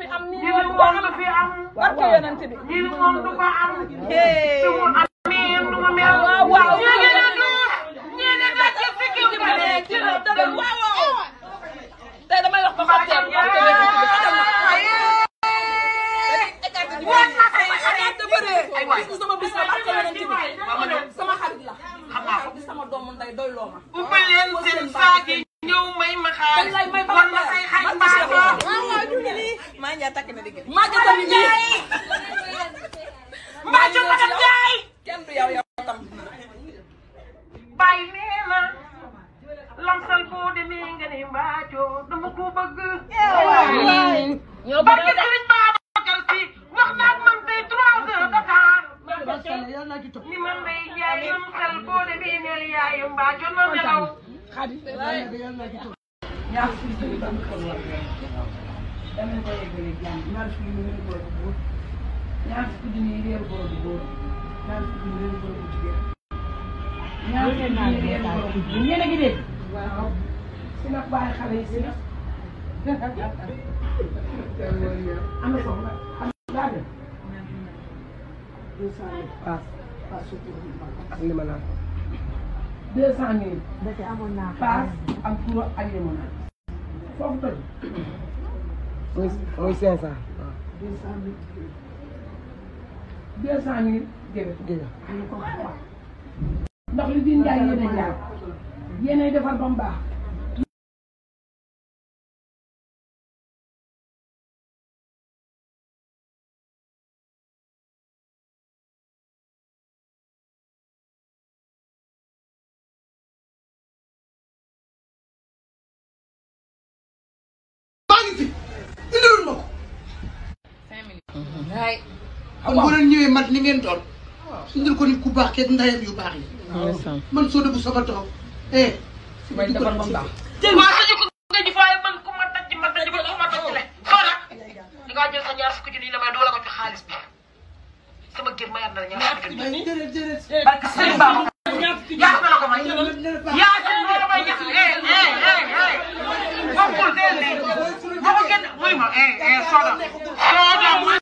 fi am nii yéen du ko am barke yonent bi yéen moom du ko am te mu amee yéen nu mu mel waaw waaw ñee ne duur ñee ne da ci fikki ci ma ne ci la dara waaw waaw tey damay wax ba fàtteel barke yonent bi sama bis la barke yonent bi sama xarit la sama doomu nday doy loo ma bu ma leen seen saagi ñëw may ma xaalis Dia takk na liggéey. maa jot a mi dama la koy yeggalee jàng ñaar fukki junni góor bu góor ñaar fukki junni réer góor bu góor ñaar fukki junni réer góor bu jigéen. ñaar fukki junni réer góor bu jigéen ngeen a ngi dégg. waaw si nag bàyyi xale yi si nag. am na soxla am na laa dem. deux cent mille paas paas surtout ak li ma naan. deux cent mille. da cee amoon naa paas ak pour ak li ma naan. foofu toj. muy muy cinq cent. waaw deux cent mille. deux cent mille jërëjëf. ndax li di njaay yéen a njaay yéen a defar ba mu baax. kon boo mat ni ngeen doon indil ko nit ku baax kenn ndayam yu baax yi man soo dëgg eh bay defal ba baax jël ma sañu ko nga ñu faaye man ku ma daj ma daj ko ma daj le soo nag da ya jël sa ya, eh eh eh waxul dee lii waxu kenn muy eh eh soo